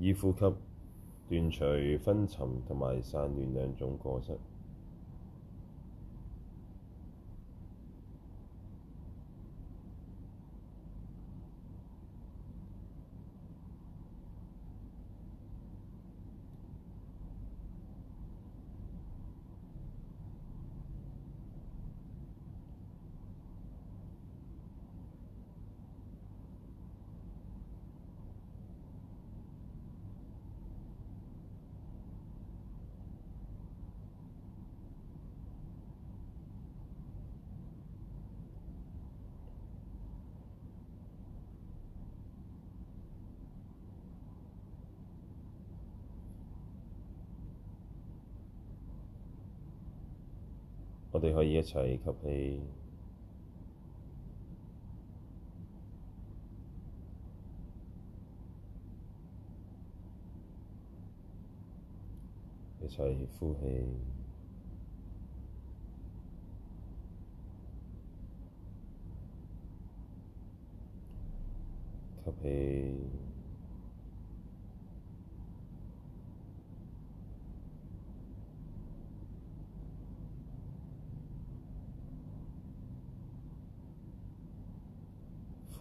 以呼吸斷除昏沉同埋散亂兩種過失。可以一齊吸氣，一齊呼氣，吸氣。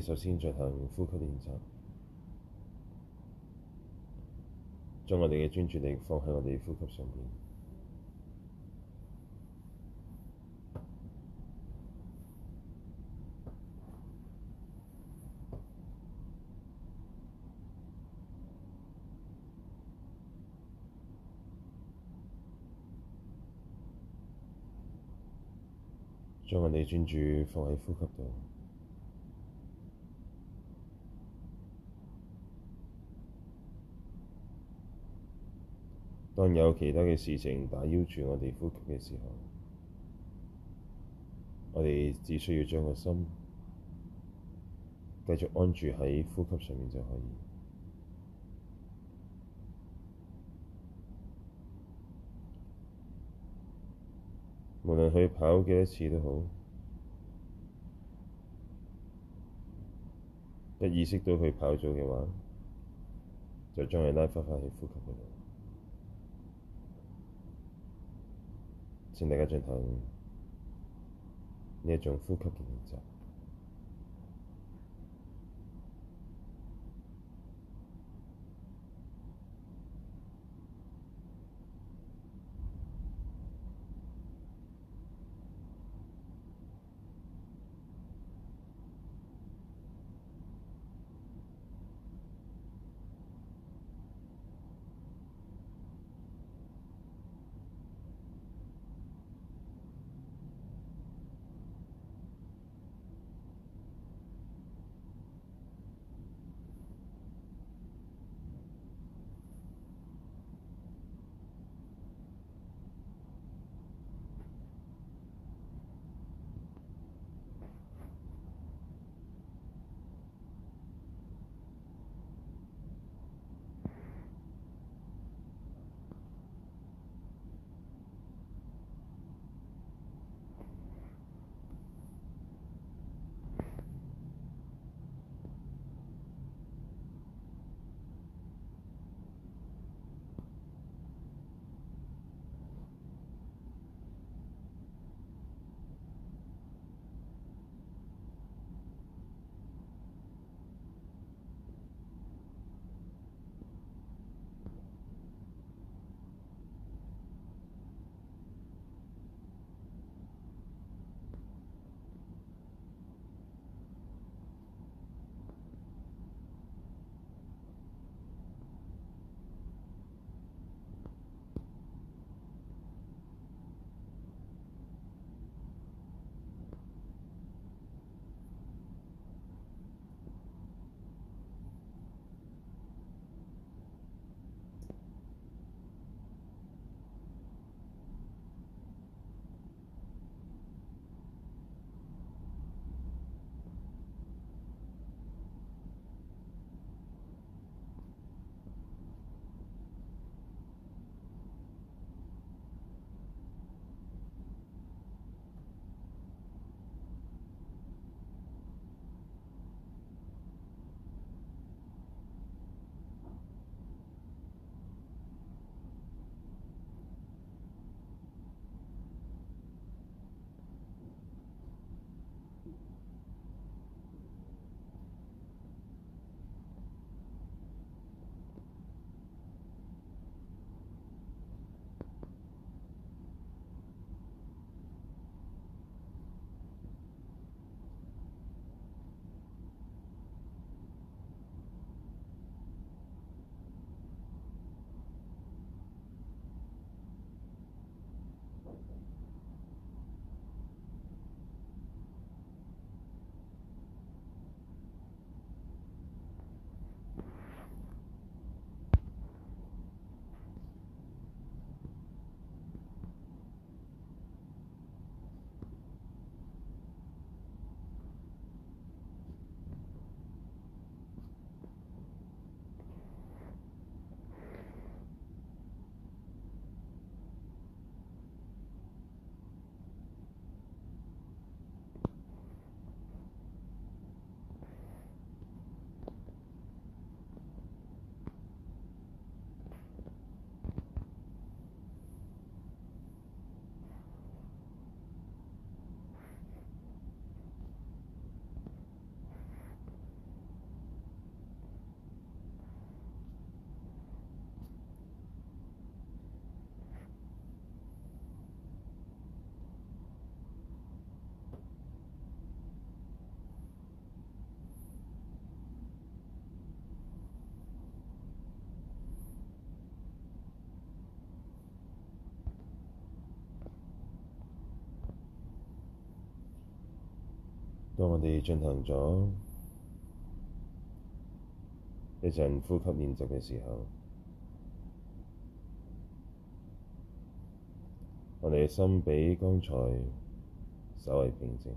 首先進行呼吸練習，將我哋嘅專注力放喺我哋呼吸上面，將我哋專注放喺呼吸度。當有其他嘅事情打擾住我哋呼吸嘅時候，我哋只需要將個心繼續安住喺呼吸上面就可以。無論佢跑幾多次都好，一意識到佢跑咗嘅話，就將佢拉返返去呼吸嗰度。請大家靜候，呢一種呼吸嘅練習。當我哋進行咗一陣呼吸練習嘅時候，我哋嘅心比剛才稍為平靜，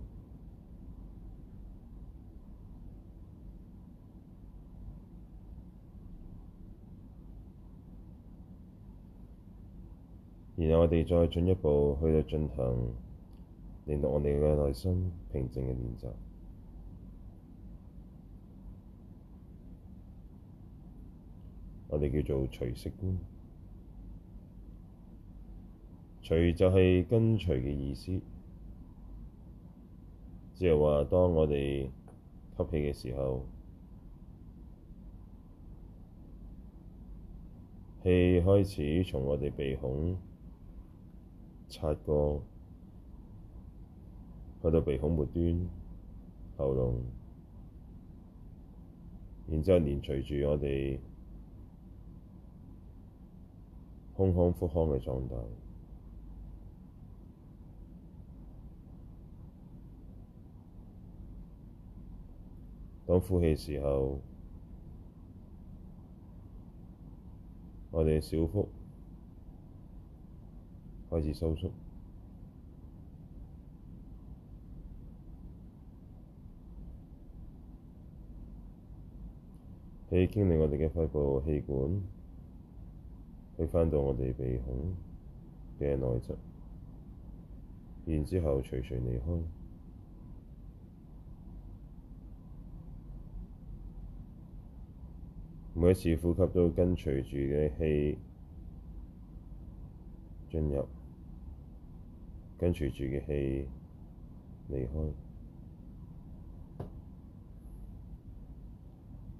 然後我哋再進一步去到進行。令到我哋嘅內心平靜嘅練習，我哋叫做隨息觀。隨就係跟隨嘅意思，即係話當我哋吸氣嘅時候，氣開始從我哋鼻孔擦過。去到鼻孔末端、喉嚨，然之後連隨住我哋胸腔、腹腔嘅狀態，當呼氣嘅時候，我哋小腹開始收縮。氣經歷我哋嘅肺部氣管，去返到我哋鼻孔嘅內側，然之後徐徐離開。每一次呼吸都跟隨住嘅氣進入，跟隨住嘅氣離開。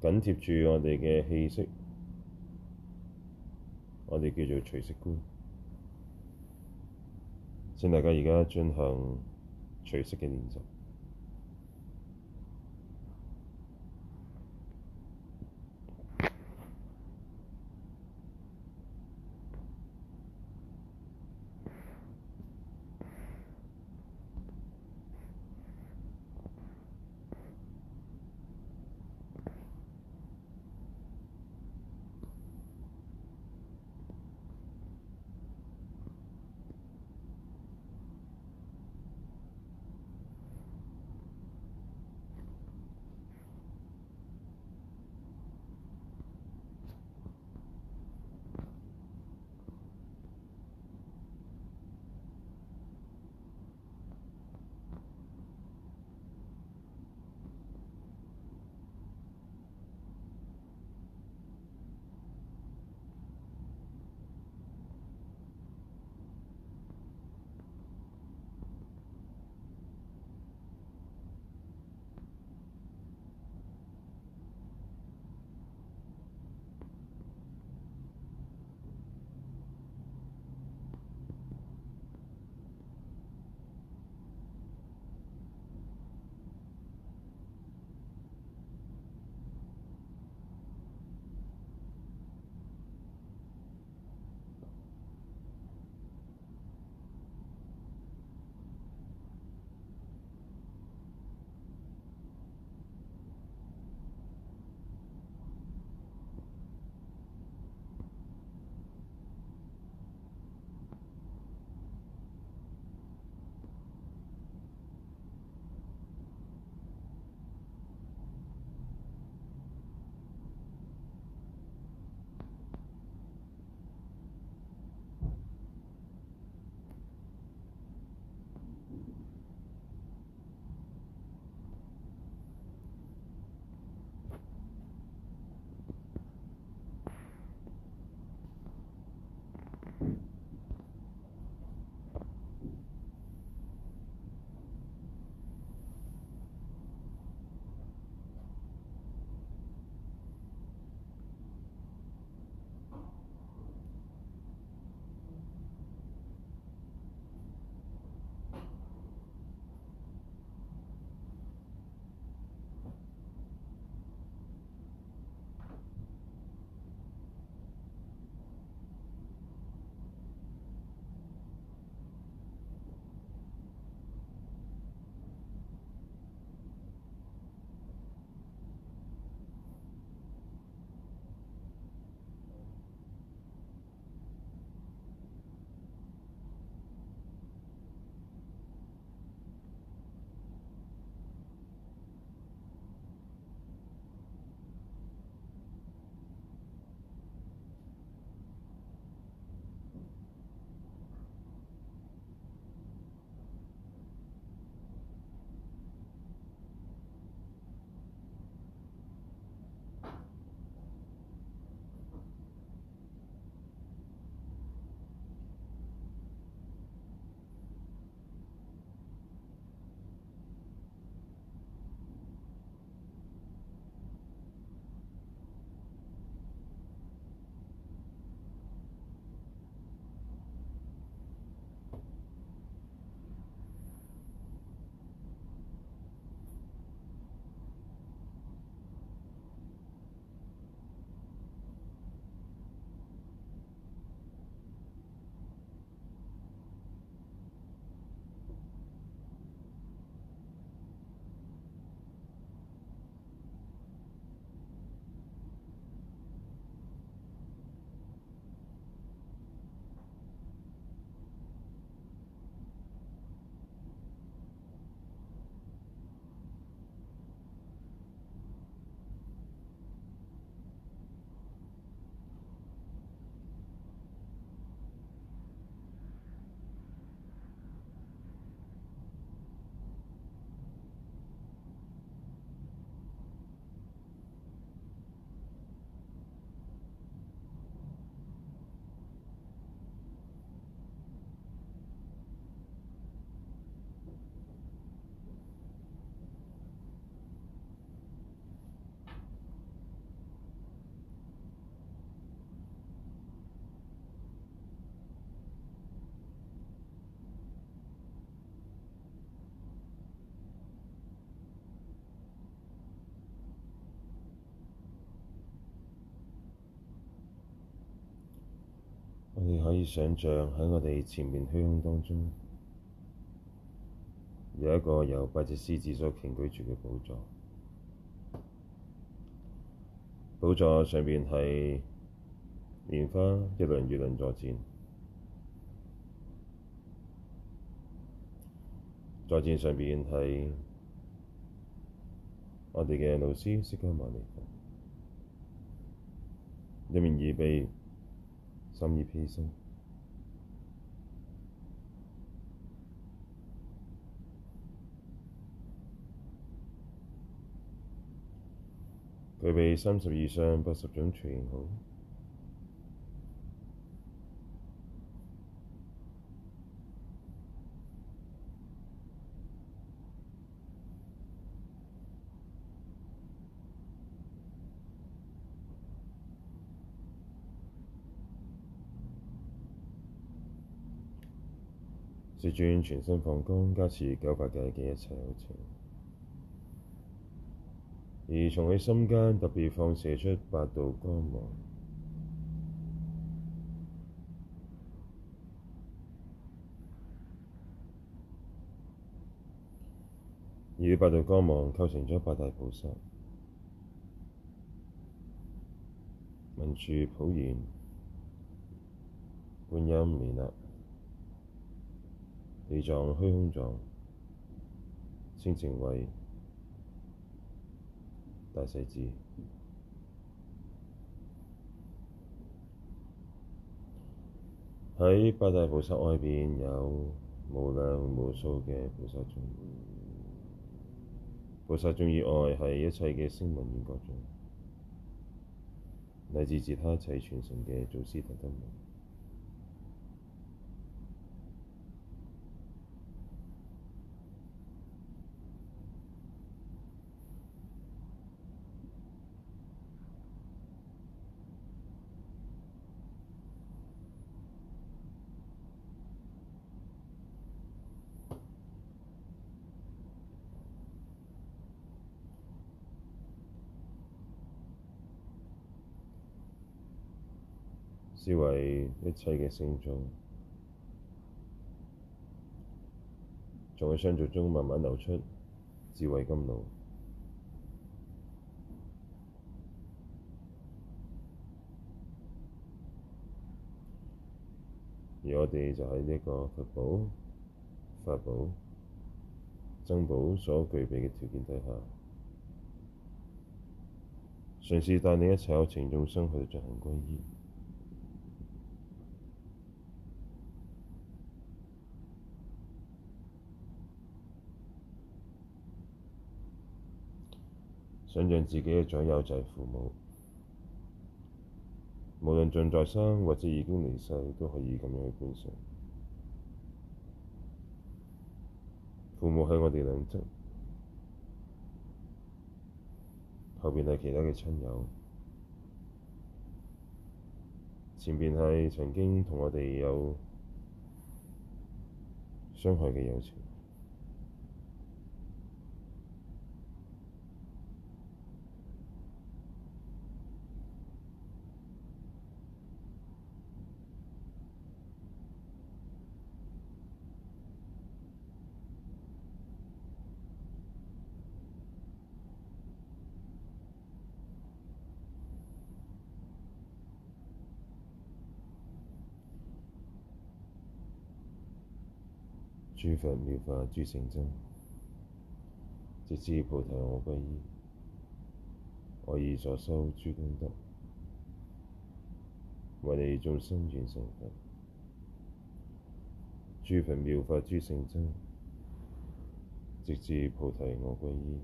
緊貼住我哋嘅氣息，我哋叫做隨息觀。請大家而家進行隨息嘅練習。想象喺我哋前面虛空當中，有一個由八隻獅子所棲居擎舉住嘅寶座。寶座上邊係蓮花一輪，月輪坐箭。再箭上邊係我哋嘅老師釋迦牟尼佛，一面二臂，心意披身。佢被三十二相八十種財型好，説 轉全身放光，加持九百幾嘅一切有情。而從佢心間特別放射出八道光芒，而呢八道光芒構成咗八大菩薩，文殊、普賢、觀音、彌勒、地藏、虛空藏，先成為。大勢至。喺八大菩薩外邊有無量無數嘅菩薩眾，菩薩眾以外係一切嘅聲聞緣覺眾，乃至其他一切傳承嘅祖師大德們。智慧一切嘅聖眾，從佢相續中慢慢流出智慧甘露，而我哋就喺呢個佛寶、法寶、僧寶所具備嘅條件底下，嘗試帶你一齊有情眾生去進行皈依。想象自己嘅長幼就係父母，無論盡在生或者已經離世，都可以咁樣去觀賞。父母喺我哋兩側，後邊係其他嘅親友，前邊係曾經同我哋有傷害嘅友情。諸佛妙法諸聖尊，直至菩提我歸依。我以所修諸功德，為你眾生願成佛。諸佛妙法諸聖尊，直至菩提我歸依。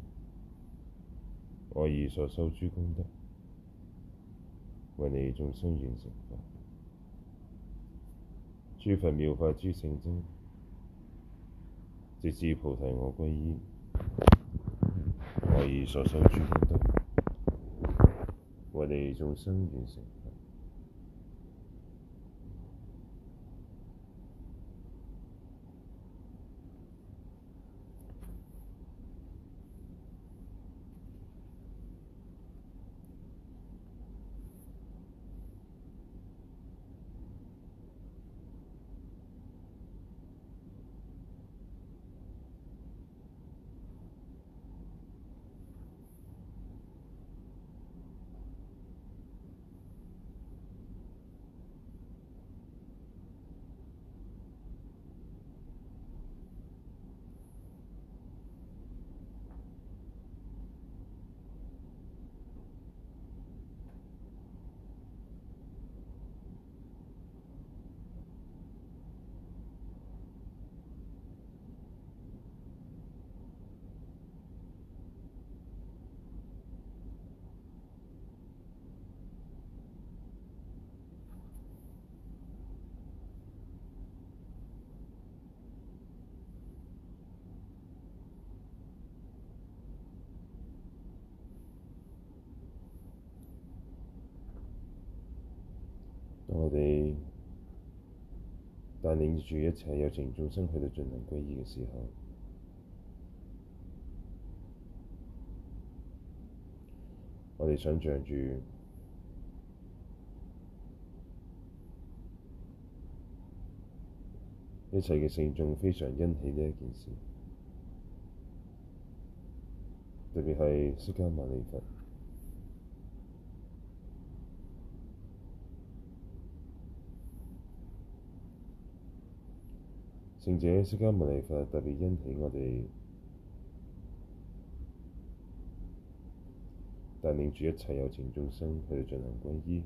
我以所修諸功德，為你眾生願成佛。諸佛妙法諸聖尊。直至菩提我歸依，我以所修諸功德，為利眾生完成。但領住一切有情眾生去到盡量歸依嘅時候，我哋想像住，一切嘅聖眾非常欣喜呢一件事，特別係釋迦牟尼佛。聖者釋迦牟尼佛特別欣喜我哋，帶領住一切有情眾生去進行皈依。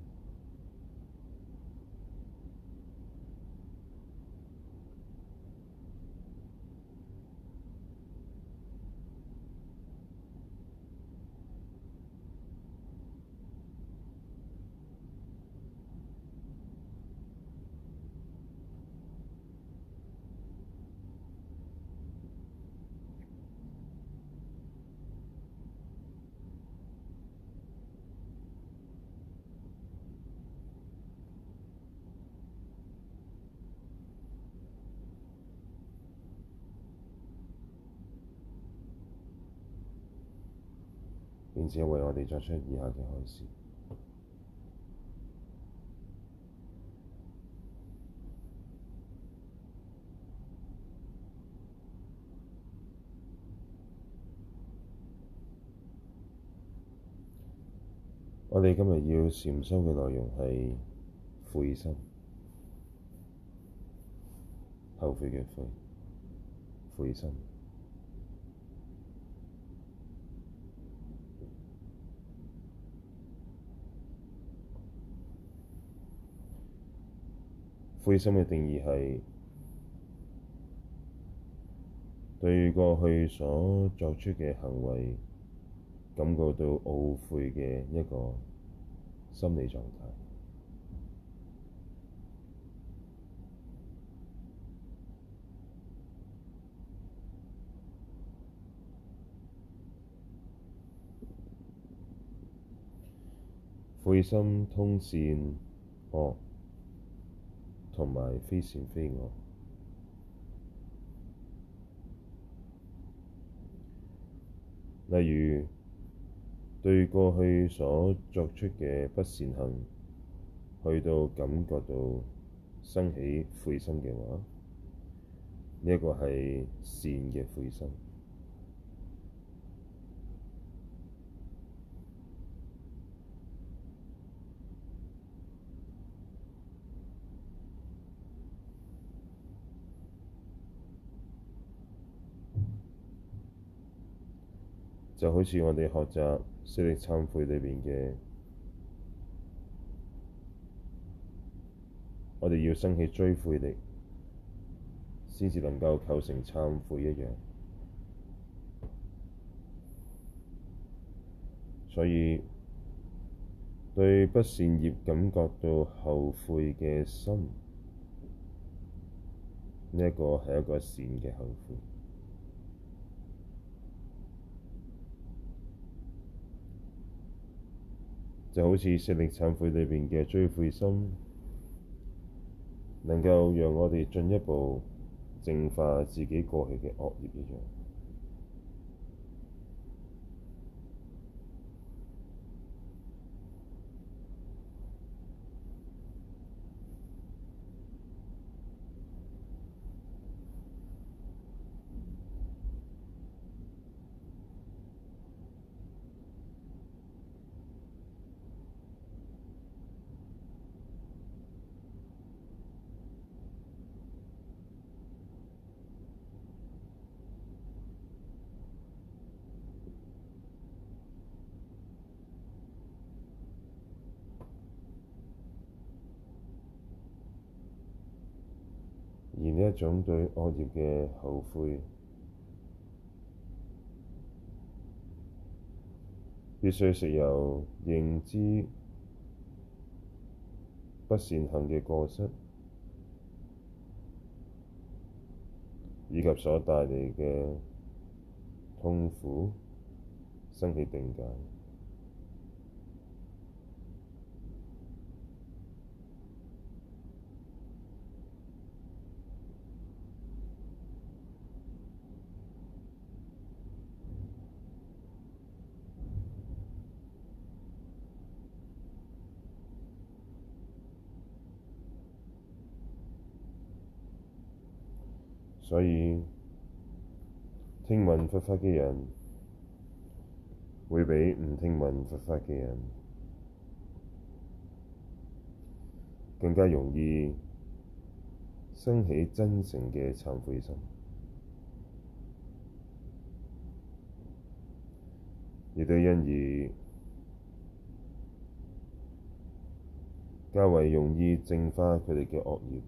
我哋今日要禪修嘅內容係悔心，後悔嘅悔，悔心。悔心嘅定義係對過去所作出嘅行為感覺到懊悔嘅一個心理狀態。悔心通善。哦。同埋非善非惡，例如對過去所作出嘅不善行，去到感覺到生起悔心嘅話，呢一個係善嘅悔心。就好似我哋學習四力懺悔裏面嘅，我哋要升起追悔力，先至能夠構成懺悔一樣。所以，對不善業感覺到後悔嘅心，呢一個係一個善嘅後悔。就好似《四力懺悔》裏面嘅追悔心，能夠讓我哋進一步淨化自己過去嘅惡業一樣。一種對惡業嘅後悔，必須食由認知不善行嘅過失，以及所帶嚟嘅痛苦，生起定解。所以，聽聞佛法嘅人，會比唔聽聞佛法嘅人更加容易升起真誠嘅懺悔心，亦都因而較為容易淨化佢哋嘅惡業。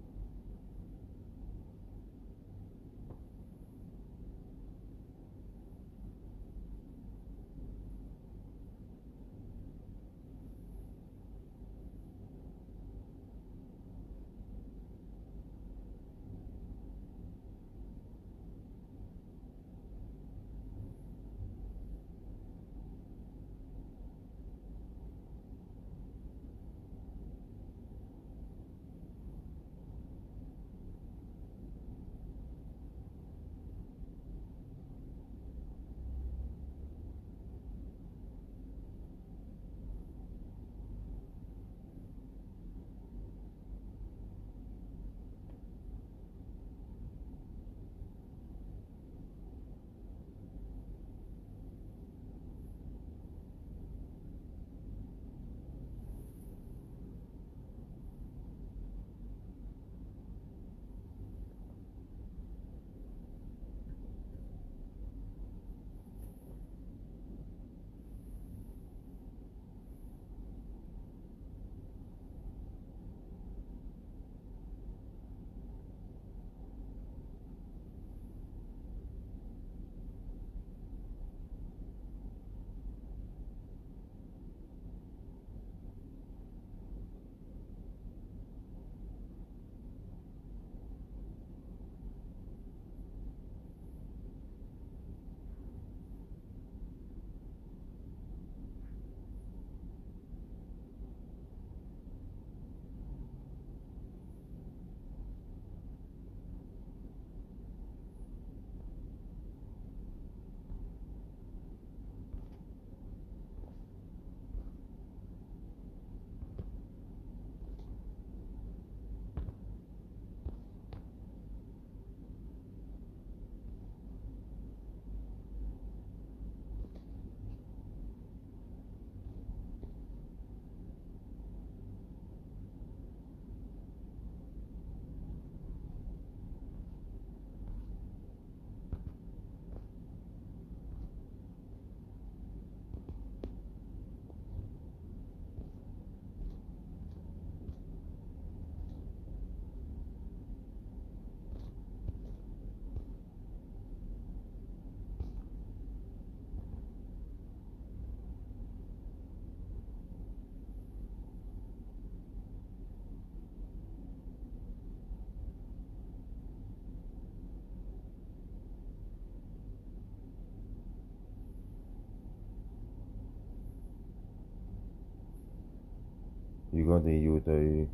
如果你要對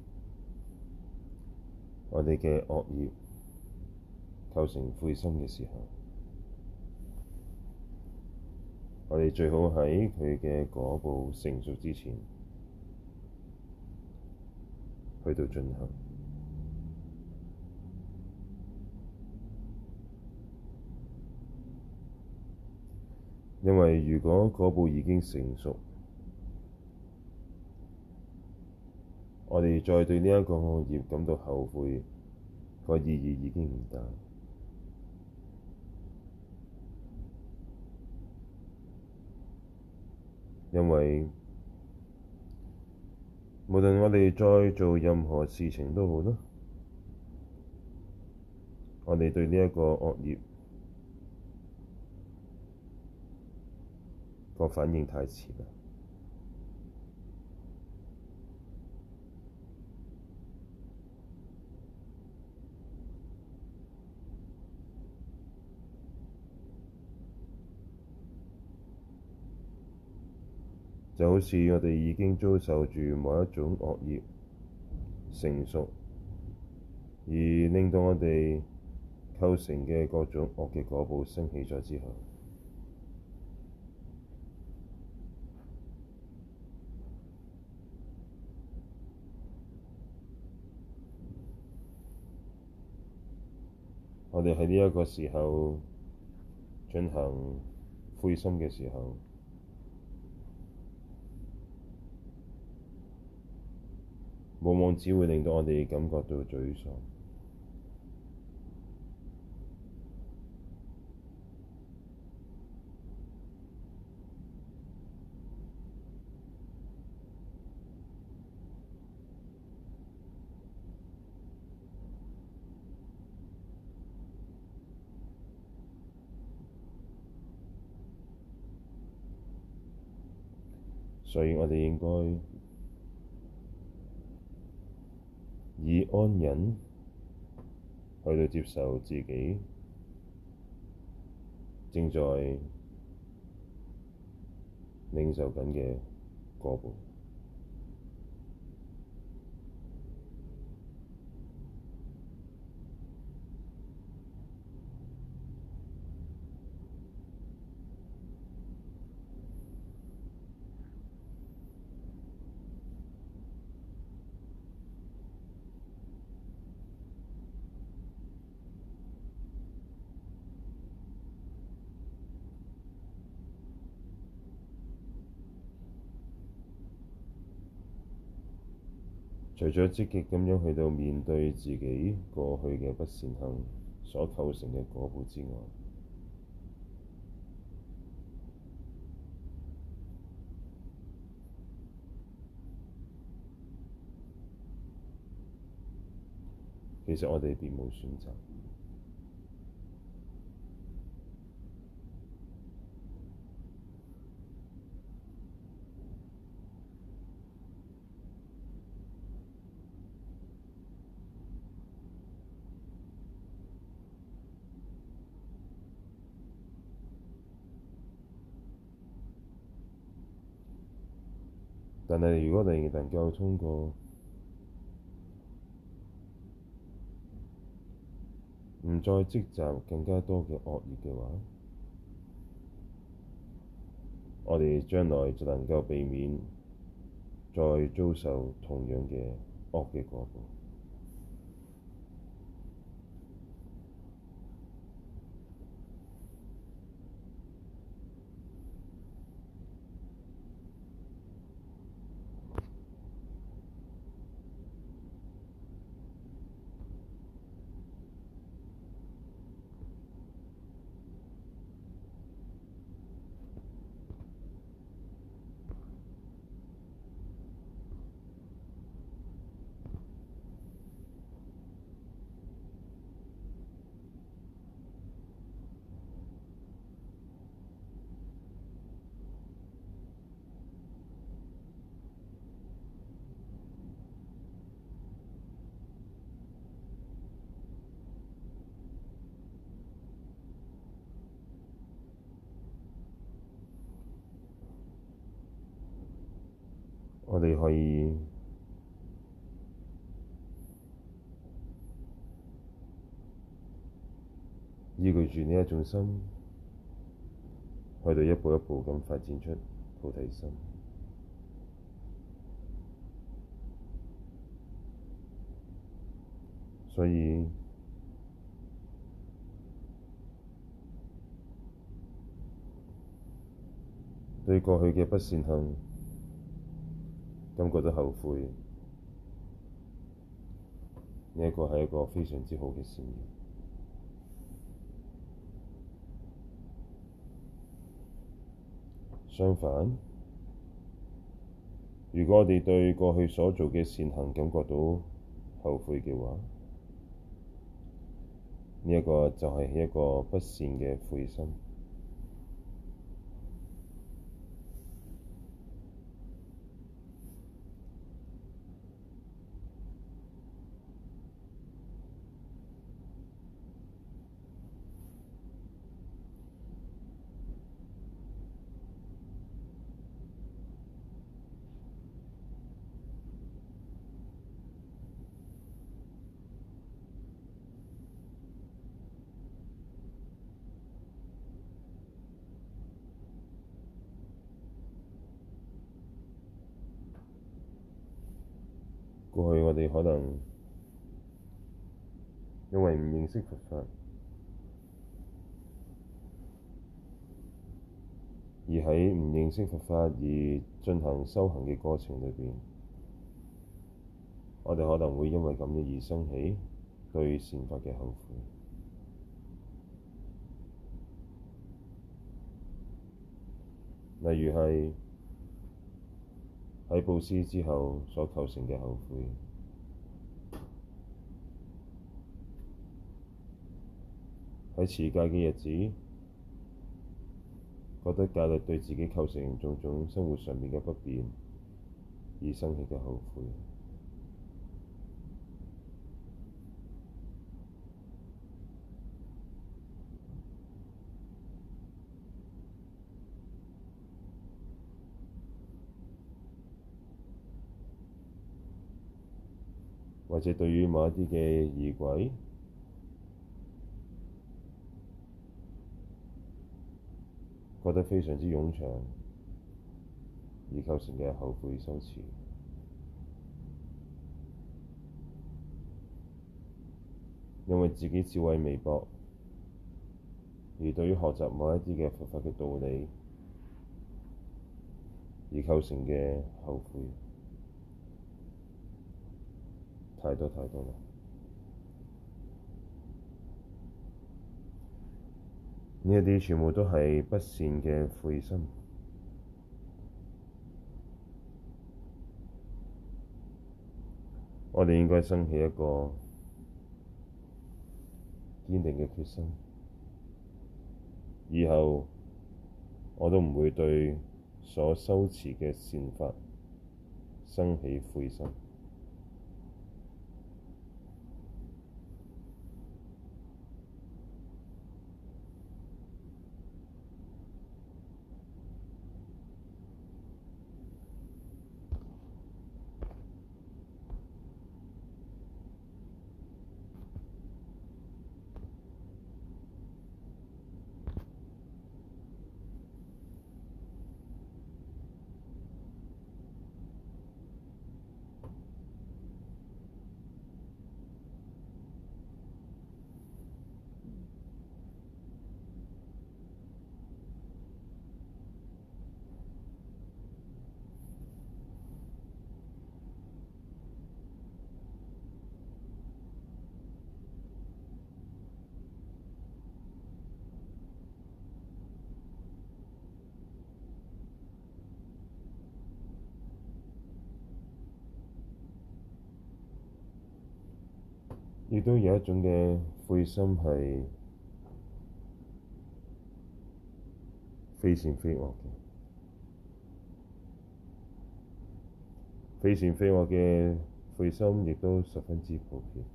我哋嘅惡業構成悔心嘅時候，我哋最好喺佢嘅果報成熟之前去到進行，因為如果果報已經成熟，我哋再對呢一個惡業感到後悔，個意義已經唔大，因為無論我哋再做任何事情都好啦，我哋對呢一個惡業個反應太遲啦。就好似我哋已經遭受住某一種惡業成熟，而令到我哋構成嘅各種惡嘅果報升起咗之後，我哋喺呢一個時候進行悔心嘅時候，往往只會令到我哋感覺到沮喪，所以我哋應該。以安忍去到接受自己正在領受緊嘅果報。除咗積極咁樣去到面對自己過去嘅不善行所構成嘅果報之外，其實我哋別無選擇。但係，如果你能夠通過唔再積集更加多嘅惡業嘅話，我哋將來就能夠避免再遭受同樣嘅惡嘅果報。依據住呢一種心，去到一步一步咁發展出菩提心，所以對過去嘅不善行，感覺到後悔，呢一個係一個非常之好嘅善業。相反，如果我哋對過去所做嘅善行感覺到後悔嘅話，呢一個就係一個不善嘅悔心。而喺唔認識佛法而進行修行嘅過程裏邊，我哋可能會因為咁嘅而生起對善法嘅後悔，例如係喺布施之後所構成嘅後悔。喺持戒嘅日子，覺得戒律對自己構成種種生活上面嘅不便，而生起嘅後悔，或者對於某一啲嘅儀軌。覺得非常之冗長，而構成嘅後悔、羞恥，因為自己智慧微薄，而對於學習某一啲嘅佛法嘅道理，而構成嘅後悔太多太多啦。呢一啲全部都係不善嘅悔心，我哋應該生起一個堅定嘅決心，以後我都唔會對所修持嘅善法生起悔心。都有一種嘅悔心係非善非惡嘅。非善非惡嘅悔心亦都十分之普遍。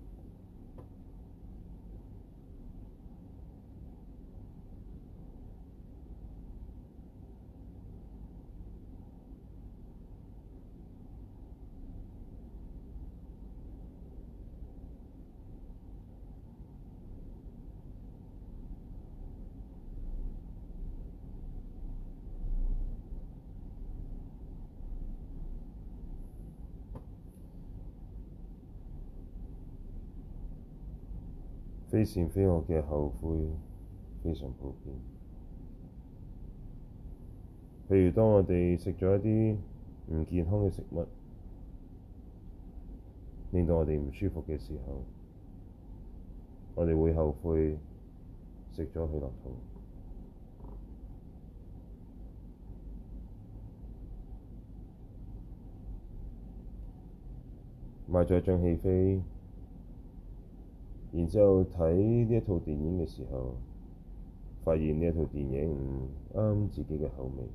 非善非惡嘅後悔非常普遍。譬如當我哋食咗一啲唔健康嘅食物，令到我哋唔舒服嘅時候，我哋會後悔食咗佢落肚，買咗一張戲飛。然之後睇呢一套電影嘅時候，發現呢一套電影唔啱自己嘅口味，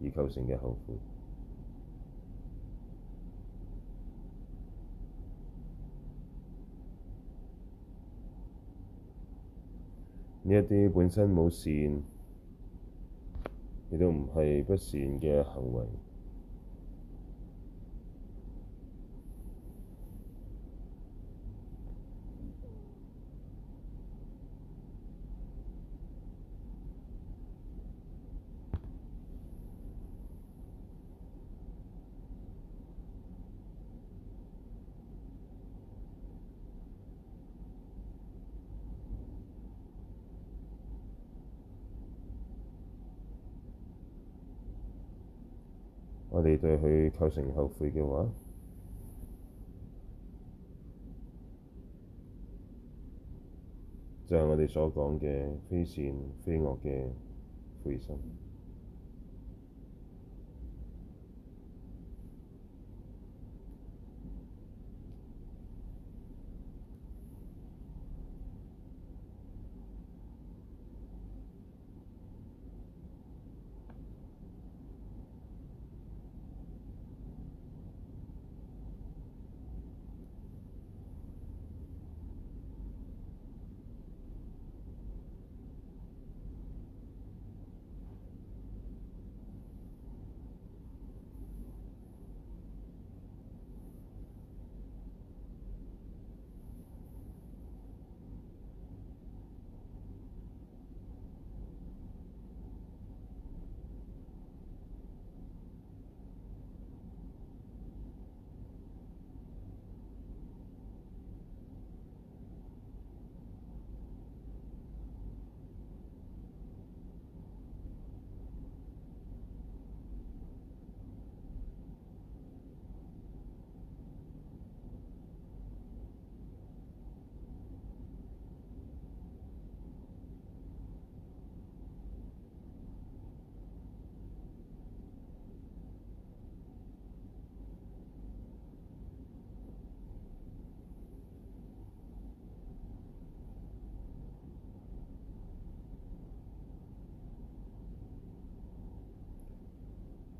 而構成嘅後悔，呢一啲本身冇善，亦都唔係不善嘅行為。我哋對佢構成後悔嘅話，就係、是、我哋所講嘅非善非惡嘅悔心。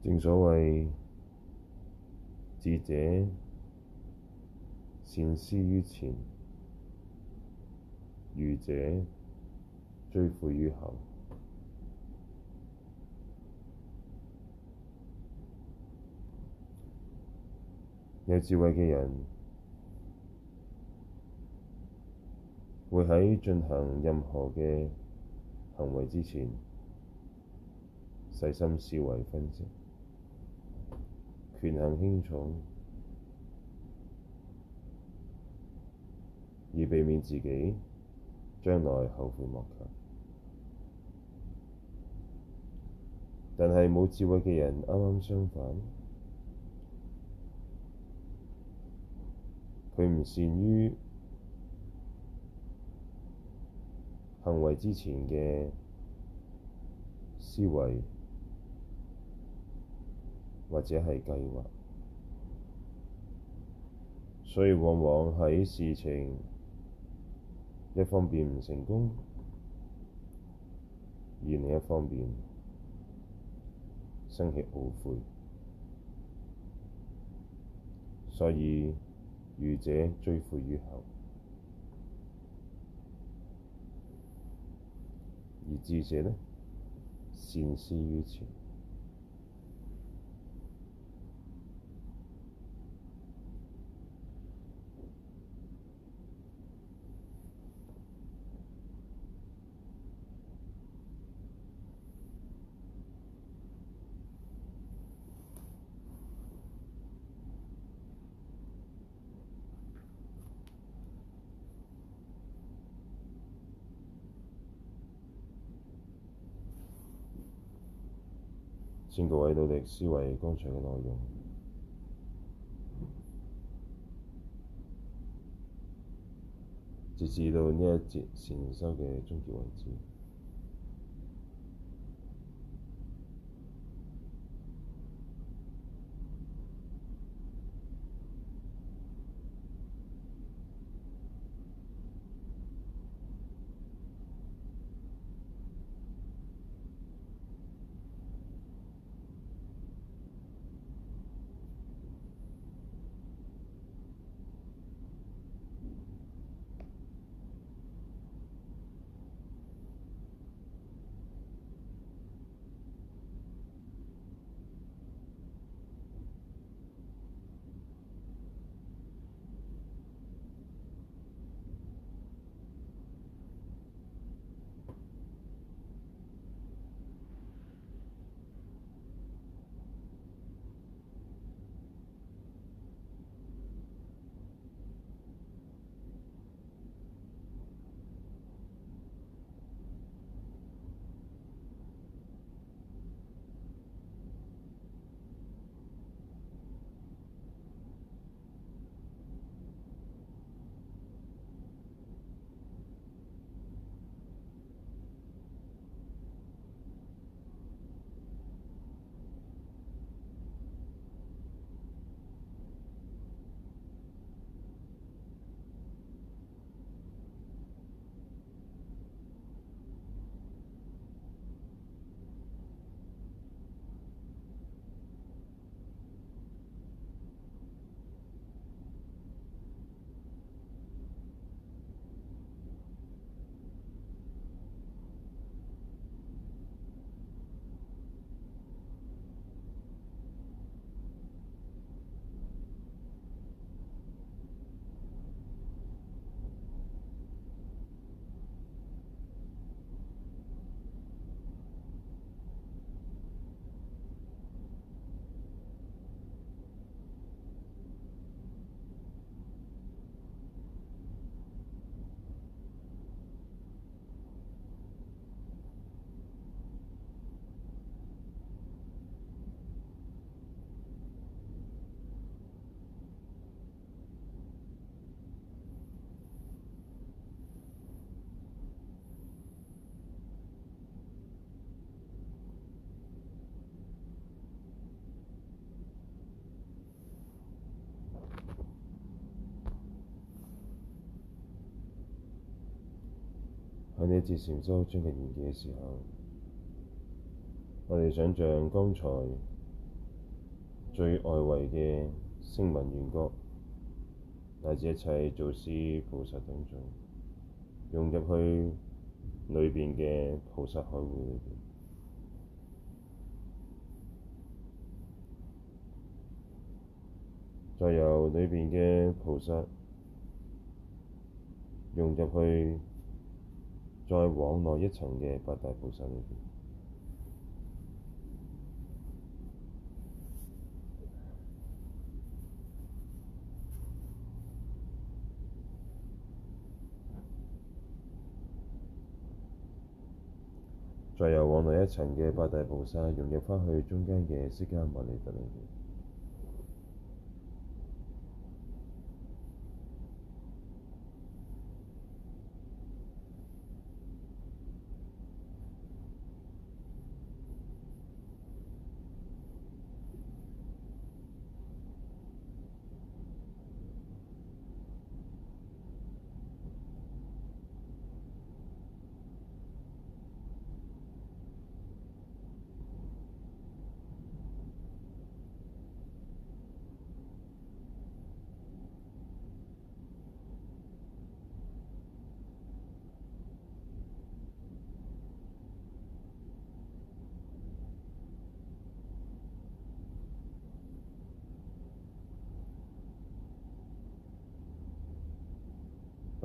正所謂，智者善思於前，愚者追悔於後。有智慧嘅人會喺進行任何嘅行為之前，細心思維分析。權衡輕重，以避免自己將來後悔莫及。但係冇智慧嘅人，啱啱相反，佢唔善於行為之前嘅思維。或者係計劃，所以往往喺事情一方面唔成功，而另一方面生起懊悔，所以愚者追悔於後，而智者呢，善思於前。善各位努力，思維剛才嘅內容，直至到呢一節禪修嘅終結為止。喺呢節禪修尊極念記嘅時候，我哋想象剛才最外圍嘅聲聞緣覺乃至一切祖師菩薩等眾，融入去裏邊嘅菩薩海會裏邊，再由裏邊嘅菩薩融入去。再往內一層嘅八大菩薩裏面，再由往內一層嘅八大菩薩融入返去中間嘅釋迦牟尼佛裏面。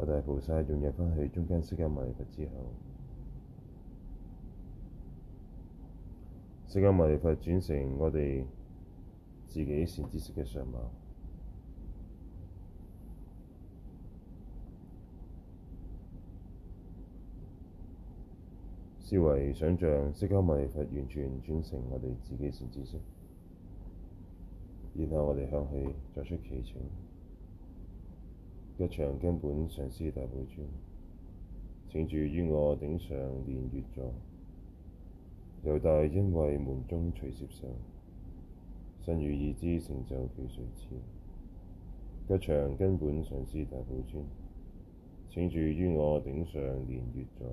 大菩薩融入返去中間釋迦牟尼佛之後，釋迦牟尼佛轉成我哋自己善知識嘅相貌，思維想像釋迦牟尼佛完全轉成我哋自己善知識，然後我哋向佢作出祈請。吉祥根本上師大寶尊，請住於我頂上蓮月座，由大恩慧門中取攝受，身語意之成就其殊慈。吉祥根本上師大寶尊，請住於我頂上蓮月座，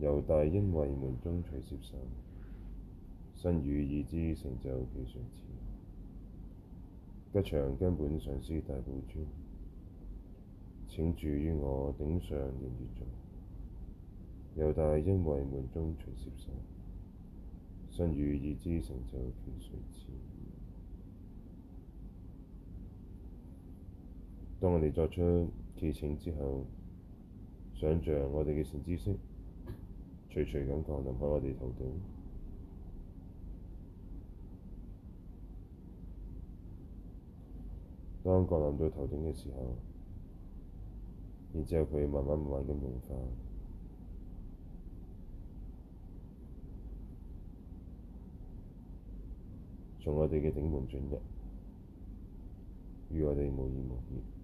由大恩慧門中取攝受，身語意之成就其殊慈。吉祥根本上師大寶尊。請住於我頂上，年月盡；又大因為門中隨涉手，身與意知成就斷水池。當我哋作出祈請之後，想像我哋嘅善知識徐徐咁降臨喺我哋頭頂。當降臨到頭頂嘅時候，然之後，佢慢慢慢慢咁融化，從我哋嘅頂門進入，與我哋無言無語。